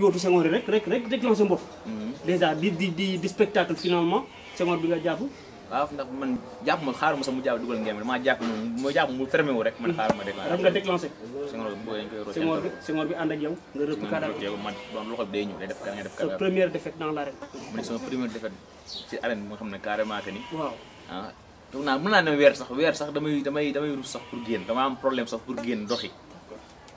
yootu Senghor yi rek rek rek réclancé mbot dèjà di di di di spectacle finalement Senghor bi nga jàpp waaw ndax man jàpp ma xaaruma sax mu dugal ngeen maa jàpp moom mu jàpp mu fermé wu rek man xaaruma déclenché rek nga déclenché Senghor bi booy koy Senghor bi Senghor bi ànd ak yow nga rëpp kadal yow man doon loxo day ñëw day def nga def sa première défaite dans première défaite ci arène carrément que ni waaw ah sax sax damay damay damay sax pour dama am problème sax pour génn doxi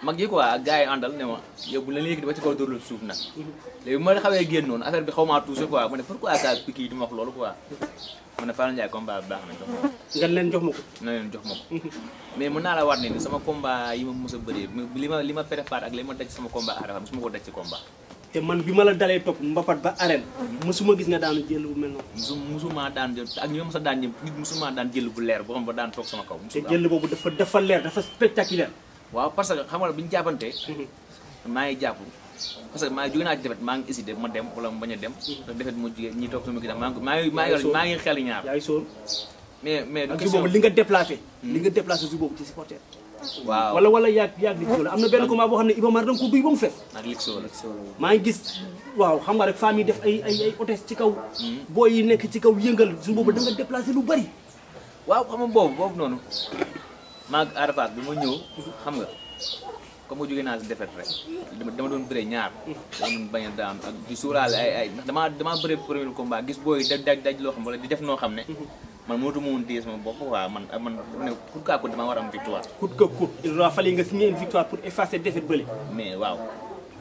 mag yi quoi ak gars yi àndal ne ma yow bu leen yëkkati ba ci kaw dóorlu suuf nag léegi bu ma xawee génn noonu affaire bi xaw maa touché quoi ma wax loolu quoi mu ne Fallou Ndiaye combat ma ko nga leen ma ko na leen naa la sama combat yi ma mos a bëree li ma li ma préparé ma daj sama combat su ma ko daj ci combat te man bi ma la dalee topp mbapat ba arène mosuma gis nga daanu jël bu mel noonu musu mosuma daan jël ak ñoom sa daan jël bu leer boo xam ba daan toog sama kaw te jël boobu dafa dafa leer dafa spectaculaire waaw parce que xam nga bi ñu jàppante. Mhm. maa ngi jàpp parce maa jóge naa maa ngi hésité ma dem wala ma bañ a dem. Mhm. te defet mu li nga déplacé. Hmm. li nga déplacé su boobu ci supporter. waaw wala wala yaag am na benn combat boo xam ne Iba Mar da nga ko duy def ay ay ci kaw. Hmm. booy yi nekk ci kaw yëngal su boobu da nga déplacé lu bari. waaw xam nga boobu boobu noonu maag Arafat bi ma ñëw xam nga comme que jógee naa si defet rek dama doon bëree ñaar dama doon bañ a daam ak di suuraale ay ay ndax damaa damaa bëree premier combat gis booy daj daj daj loo xam wala di def noo xam ne man mootuma woon téye sama bopp waaw man man ne coûte que coûte damaa war am victoire coûte que coûte il aura fallu nga signer une victoire pour effacer défaite bële mais waaw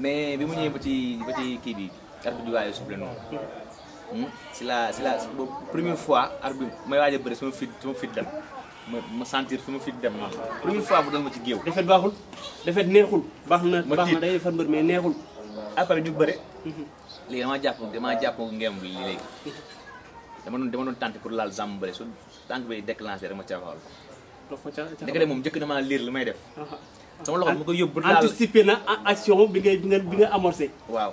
mais bi mu ñëwee ba ci ba ci kii bi arbitre bi waaye soufflé noonu hmm? si la si la première fois arbitre may waaj a bëri sama fit sama fit dem ma ma sentir fi ma fit dem man première fois mu dal ma ci géew defet baaxul defet neexul baax na ma na day defar mbër mais neexul après ñu bëre mhm. léegi damaa jàpp damaa jàpp ngeem li léegi dama doon dama doon tànk pour laal jàmm bëri su tànk bi déclenché rek ma caaxaal ko dëgg de moom njëkk damaa liir li may def sama loxo ma ko yóbbu laal anticipé na action bi nga bi nga amorcé waaw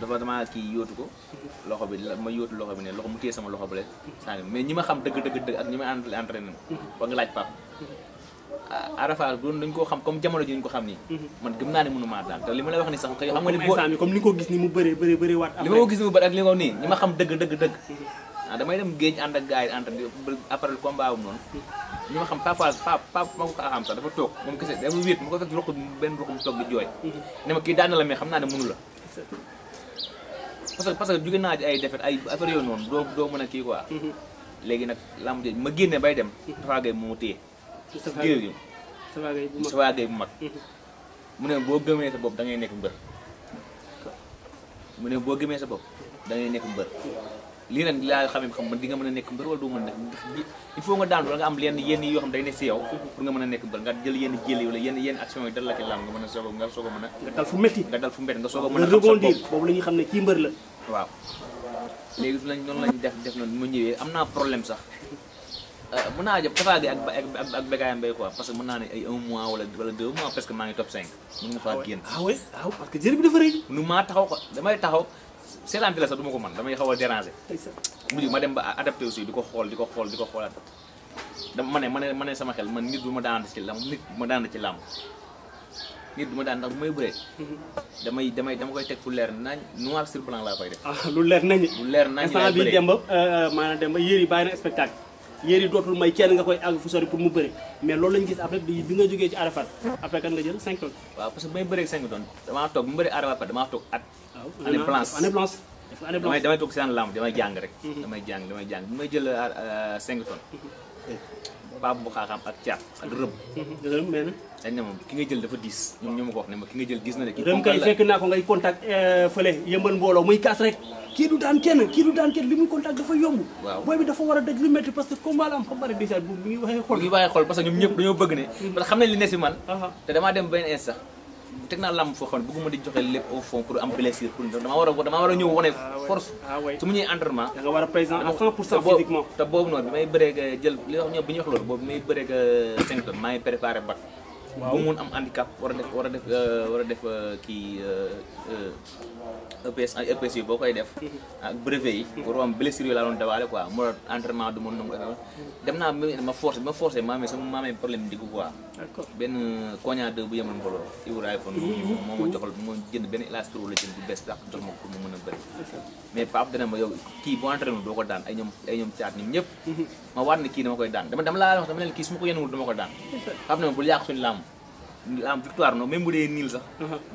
dafa dama kii yóotu ko loxo bi ma yóotu loxo bi ne loxo mu téye sama loxo bu leen sànni mais ñi ma xam dëgg dëgg dëgg ak ñi may àndal entraîné na ba nga laaj pap Arafa ah, doon dañ koo xam comme jamono ji ñu ko xam nii man gëm naa ne li ma lay wax ni sax kay xam ni comme ni nga ko gis ni mu bëree dëgg dëgg dëgg ah damay dem géej ànd ak gars yi entraîné après combat am noonu ñi ma xam papa papa ma ko xam sax dafa toog moom kese dafa wéet ma ko fekk ruq benn ruq mu toog di jooy mm-hmm. ne ma kii daan la mais xam naa ne mënu la parce que parce que jóge naa ci ay defet ay affaire yooyu noonu doo doo mën a kii quoi. Mhm. léegi nag lamb ji ma génne bay dem. Mhm. Tafa Gueye moo téye. Tafa Gueye bu mag Tafa Gueye bu mag. Mhm. mu ne boo gëmee sa bopp da ngay nekk mbër. mu ne boo gëmee sa bopp da ngay nekk mbër. lii ren laa xamee xam man di nga mën a nekk mbër wala doo mën a nekk ndax il faut nga daan wala nga am yenn yenn yoo xam day ne si yow pour nga mën a nekk nga jël yenn jël wala yenn yenn action yi dal la ci lam nga mën a nga soog a nga dal fu metti nga dal fu metti nga soog a mën a rebondir boobu la ñuy xam la waaw lañ lañ def def problème sax ak ak ak bay quoi parce que ay mois wala wala mois ngi top 5 ah ah parce que bi dafa nu taxaw ko damay taxaw seetaan télé sax du ma ko man damay xaw a déranger mujj ma dem ba adapté aussi di ko xool di ko xool di ko xoolaat dama ma ne ma ne ma sama xel man nit du ma daan ci làmb nit du ma daan ci làmb nit du ma daan ndax bu may bëree mhm. damay damay dama koy teg fu leer nañ noir sur blanc laa koy def ah, lu leer nañ lu leer nañ instant bi demba euh, euh, maanaam demba yéer yi bàyyi na spectacle yéer yi dootul may kenn nga koy àgg fu sori pour mu bëri mais loolu lañ gis après bi nga jógee ci Arafat après kan nga jël 5 tonnes waaw parce que bu may bëree 5 tonnes damaa toog bu mu bëri Arafat damaa toog at année blanche année blanche damay damay toog seen lamb damay jàng rek mhm. damay jàng damay jàng bu may jël 5 euh, euh, tonnes mhm. paa bu xaaxaam ak caat ak rëm. rëm mel ki nga jël dafa diis. ñoom ñoo ko wax ne ma ki nga jël diis na de. kii rëm eh, fële yëmbal mbooloo muy kaas rek. kii du daan kenn kii du daan kenn li muy contact dafa yomb. waaw dafa war a daj lu métti parce que combat la am xam bari déjà bu mi waxee xol. parce que ñoom ñëpp dañoo bëgg ne. Mm. parce que xam nañ li ne si man. te damaa dem benn instant teg naa làmb foo xam ne di joxe lépp au fond pour am blessure pour damaa war a damaa war a ñëw wane ah force ah su mu ñuy entraînement da nga war a présent à boobu noonu bi may bëreeg jël bi ñu wax loolu boobu may bëreeg Singleton euh, maa préparé bac waaw eh, eh, eh, ah, mu mun am handicap wara def wara def war a def kii EPS EPS yu bokay def ak brevet yi pour am blessure yu la don dawaale quoi mo entraînement du mën nangu ak dem naa ma force ma force ma mais sama ma problème diggu quoi ben cogna de bu yemal mboloo Ivoire iPhone moom mhm. ma joxal moo jënd ben élastro la jënd bu bess tax jox ma pour mu mën bëri mais pap dana ma yow ki bu entraînement do ko daan ay ñom ay ñom ciat ñoom ñëpp ma war ni ki dama koy daan dama dama la wax dama len ki suma ko yenwul dama ko daan Pape ne ma bul suñu làmb la am victoire non même bu dee niil sax.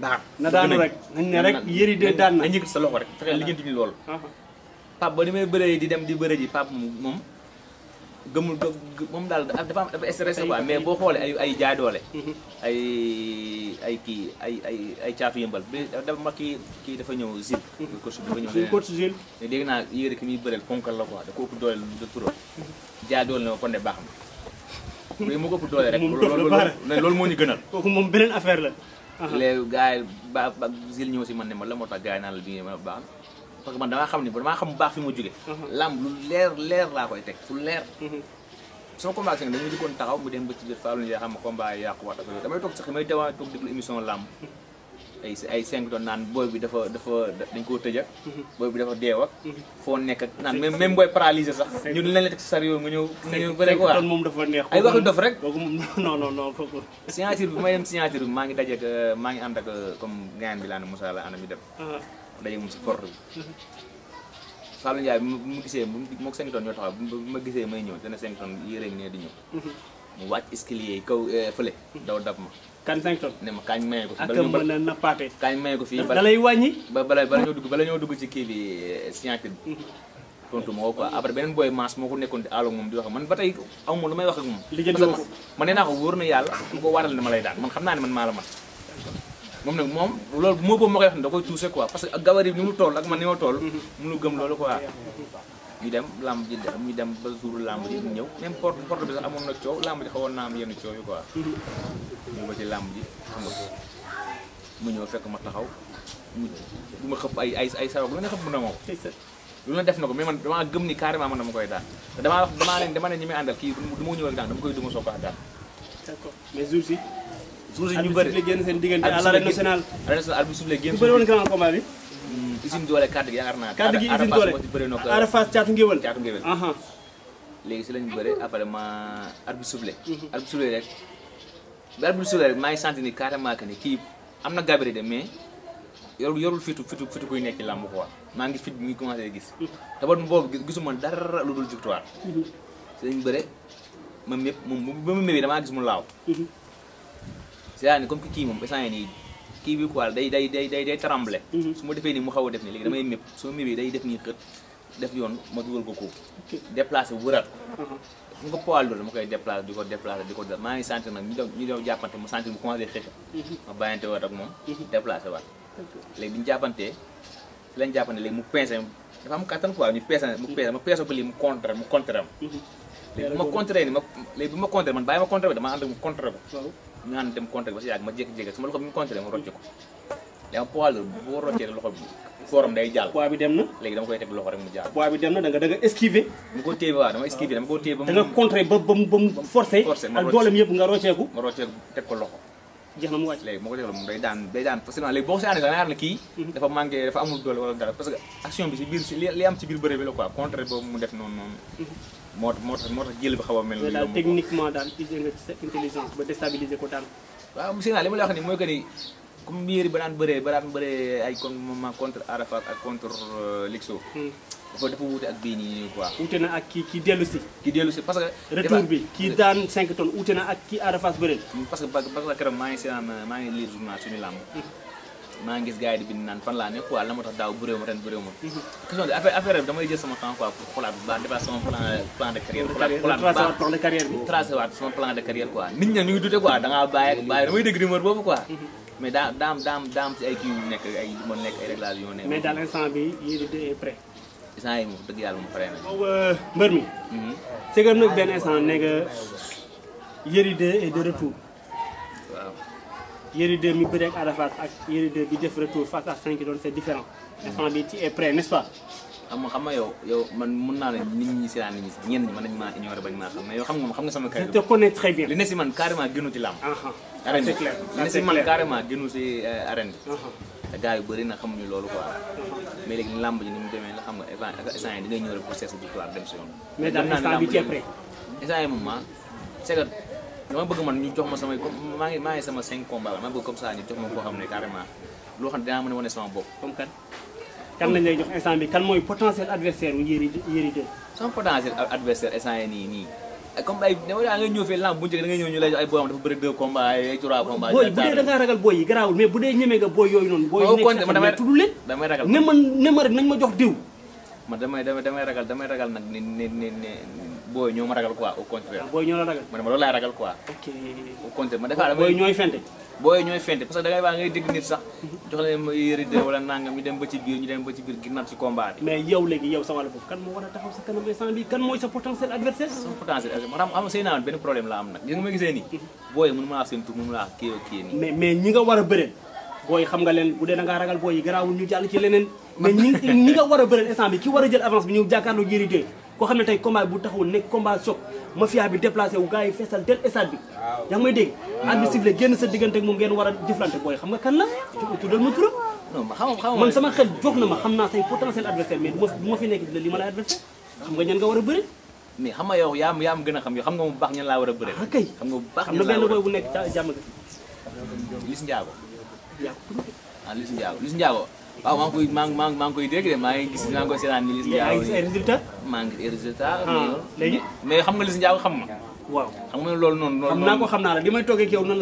daan na daanu rek nañ ne rek yëri de daan na. nañ sa loxo rek fexe liggéeyantu ñu loolu. Pape ba ni may bëree di dem di bëre ji Pape moom gëmul moom daal dafa am dafa stressé quoi mais boo xoolee ay ay jaay ay ay kii ay ay ay caatu yëmbal bi dafa ma kii kii dafa ñëw Zil. coach dafa ñëw dégg naa yëri ki muy bëreel ponkal la quoi da ko ëpp doole lu de jaay doole na ko kon baax na. yooyu moo ko ëpp doole rek loolu moo ni gënal kooku moom beneen affaire la léegi gars yi ba ba ñëw si man ne ma la moo tax gars yi naan la bi ma a baax parce que man damaa xam ne damaa xam bu baax fi ma jóge lamb lu leer leer laa koy teg fu leer mhm. sama combat dañu dikkoon taxaw mu dem ba ci biir faalu ñu yaa xam combat yi yàqu wax damay toog sax may dawaa toog déglu émission lamb mhm. ay ay cinq doon naan booy bi dafa dafa dañ koo tëj ak mhm. booy bi dafa deew mhm. foo nekk ak naan même même booy paralysé sax ñu dinañ la teg sa yooyu nga ñëw nga ñëw bëre quoi moom dafa neex ay waxu dof rek kooku moom non non non kooku signature maa ngi dajeek euh, maa ngi ànd ak euh, comme gayan bi laa ne Moussa la ànda mi dem ah. dajeek moom si porte bi Fallou mhm. Ndiaye mu gisee mook cinq tonnes ñoo taxaw bu ma gisee may ñëw dana cinq tonnes yéreeg ne di ñëw mu wàcc escalier yi kaw euh, fële daw dab ma kan 5 tonnes ne ma kañ maye a fii. bala bala ñoo dugg bala ñoo dugg ci kii bi eh, scientifique bi. Mhm. tontu ma woo quoi après beneen booy maas moo ko nekkoon di àll moom di wax man ba tey aw ma lu may wax ak moom. lijjanti woo ko nee naa ko wóor na yàlla du ko waatal ne ma lay daan man xam naa ne man maa la man moom nag moom loolu moo boobu ma koy wax ne da koy tuuse quoi parce que ak gawari bi ni mu toll ak man ni ma toll. mënu mhm. gëm loolu quoi. Ah, ñu dem lamb ji dem ñu dem ba jour lamb ji ñëw même porte porte bi sax amoon na coow lamb ji xawoon naa am yenn coow yi quoi. ñu ba ci lamb ji mu ñëw fekk ma taxaw mu du ma xëpp ay ay ay sabab lu ne xëpp mën na ma ko. lu def na ko mais man damaa gëm ni carrément man dama koy daan te damaa wax damaa leen dama ne ñi may àndal kii du ma ñëwal daan dama koy duma soog a daan. si. jour si ñu usine doole kàddu gi yaakaar naa. kàddu léegi si lañu bëre après ma arbitre soufflé. arbitre soufflé rek bi maa ngi senti ni carrément que ni kii am na gabari de mais yorul yorul fitu fitu fitu kuy nekk la làmb ko maa ngi fit mi ngi commencé gis. te ba boobu gisuma dara lu dul victoire. si lañu bëre moom yëpp moom ba damaa gis mu laaw. Mhm. c'est-à-dire comme que kii moom instant yii nii. kii bi quoi day day day day day mhm. su ma defee nii mu xaw a def nii léegi damay mépp su ma mébee day def nii xët def yoon ma dugal ko koob mhm. déplacé di ko di ko def maa ngi sentir nag ñu doon ñu doon jàppante mu sentir bu commencé xëcc mhm. ma bàyyante waat ak moom déplacé waat léegi bi ñu jàppantee si lañ jàppante léegi ko lii mu contre mu contre am léegi man bàyyi ma contré bi dama ànd mu contré ko ñu naan dem contré ba si yàgg ma jékki-jékki sama loxo bi mu contré ma rocce ko dama poids la boo roccee léegi dama koy teg loxo rek mu jàll poids bi dem na da nga da nga esquiver mu ko téye ba mu forcé ak dooleem yëpp nga rocceeku ma rocceeku teg ko loxo jeex mu wàcc léegi moo ko day daan day daan facilement léegi boo ko si ànd nga yaakaar ne kii mhm. dafa manqué dafa amul doole wala dara parce que action bi si biir li am ci biir bëre bi la quoi contré boobu mu def noonu noonu mhm. moo tax moo tax moo tax jël bi xaw a mel. ni daal techniquement daal utiliser nga ci sa intelligence ba déstabiliser ko daal. waaw monsieur Ndaa li ma la wax nii mooy que ni comme biir ba daan bëree ba daan bëree ay con moment contre Arafat ak contre euh, Lixo. Hmm. dafa dafa wuute ak bii nii quoi. wuute na ak kii kii dellu si. kii dellu si parce que. retour bi kii daan 5 tonnes wuute na ak kii Arafat bëree. Hmm, parce que parce que keroog maa ngi seetaan maa ngi lire journal suñu làmb. Hmm. maa ngi gis gars yi di bind naan fan laa ne quoi la ma tax daaw bëréew ma ren bëréew ma mhm. question bi affaire sama temps quoi pour xulaat bu baax sama plan de carrière plan de carrière sama plan de carrière quoi nit ñi ñu ngi dute quoi da ngaa bàyyi bàyyi damay dégg rumeur boobu quoi mhm. mais daam daam daam si ay kii yu nekk ay yu ma nekk ay réglage yu ma nekk mais bi yéen di dee euh, mhm. de retour Yeri 2 mi bëre ak Ada ak Yeri 2 bi def retour face à 5 donc c'est différent instant bi ci est prêt n'est-ce pas xam nga xam nga yow yow man mën naa ne nit ñi si nit ñi sax ñenn ñi man nañ ignorer bañ maa xam mais yow xam nga xam nga sama je te connais très bien. li ne si man carrément gënu ci lamb. Ah ah, arène bi li ne si man carrément gënu si euh, arène bi. Ah te gars yu bëri na xamuñu loolu quoi. mais léegi lamb ji ni mu demee la xam nga évan instant yi di ngay ñëw rek pour cesse victoire dem si yoon. mais daal instant bi c'est prêt. instant yi moom ah c'est que dama bëgg man ñu jox ma samay comme maa ngi maa ngi sama cinq combats la ma bëgg comme ça ñu jox ma koo xam ne carrément a wane nii nii. comme ay da nga ñëw fii lamb bu ñu jox ay dafa bëri deux combats ay trois combats. booy bu dee da ragal booy yi garaawul mais bu dee ñeme nga booy yooyu noonu. booy yi nekk damay ragal ne ma ne ma rek nañ ma jox diw. man damay damay ragal damay ragal nag ne ne booy ñoo ma ragal quoi au contraire. Ah, booy ñoo la ragal ma ne ma loolu laay ragal quoi. ok au contraire ma defaat booy ñooy fente. booy ñooy fente parce que dangay baax ngay dégg nit sax mhm. jox leen ma yëri de wala nangam ñu dem ba ci biir ñu dem ba ci biir gi nat ci combat bi. mais yow léegi yow sa wàll boobu kan moo war a taxaw sa kanam instant bi kan mooy sa potentiel adversaire. sa potentiel adversaire xam seen naan benn problème la am nag gis nga ma gisee nii. Mhm. booy mënu ma wax seen tur mënu ma wax kii kii nii. mais mais ñi nga war a bëreel booy xam nga leen bu dee da ngaa ragal booy yi garaawul ñu jàll ci leneen mais ñi ñi nga war a bëreel instant bi ki war a jël avance bi ñu jàkkaarloo yëri de koo xam ne tey combat bu taxawoon nekk combat choc mafia bi déplacé wu gars yi feesal tel stade bi yaa ngi may dégg at bi génn sa diggante ak moom ngeen war a jëflante booy xam nga kan la tuddal ma turam man sama xel jox na ma xam naa say potentiel adversaire mais du ma fi nekk dina li ma lay adversaire xam nga ñan nga war a bëri mais xam nga yow yaa am yaa am gën a xam yow xam nga baax ñan laa war a bëri ah, kay xam nga bu baax xam na benn booy bu nekk jàmm ga Liss Ndiago Liss ah, Ndiago Liss Ndiago waaw ah, maa ngi koy maa ngi maa ngi koy dégg de maa ngi gis maa ngi koy seetaan ni Liss Ndiago ay résultat maa ngi ay résultat ah, mais xam nga Liss Ndiago xam ma waaw xam nga loolu noonu noonu xam naa ko xam naa la li may toogee ak yow noonu